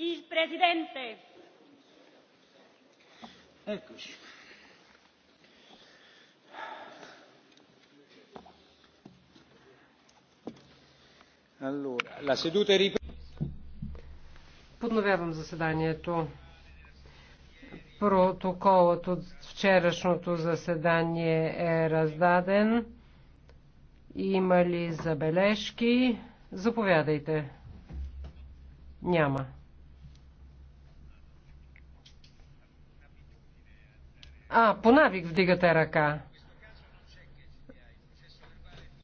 Il Presidente. Eccoci. Allora, la seduta è ripresa. Подновявам заседанието. Протоколът от вчерашното заседание е раздаден. Има ли забележки? Заповядайте. Няма. А, понавик вдигате ръка.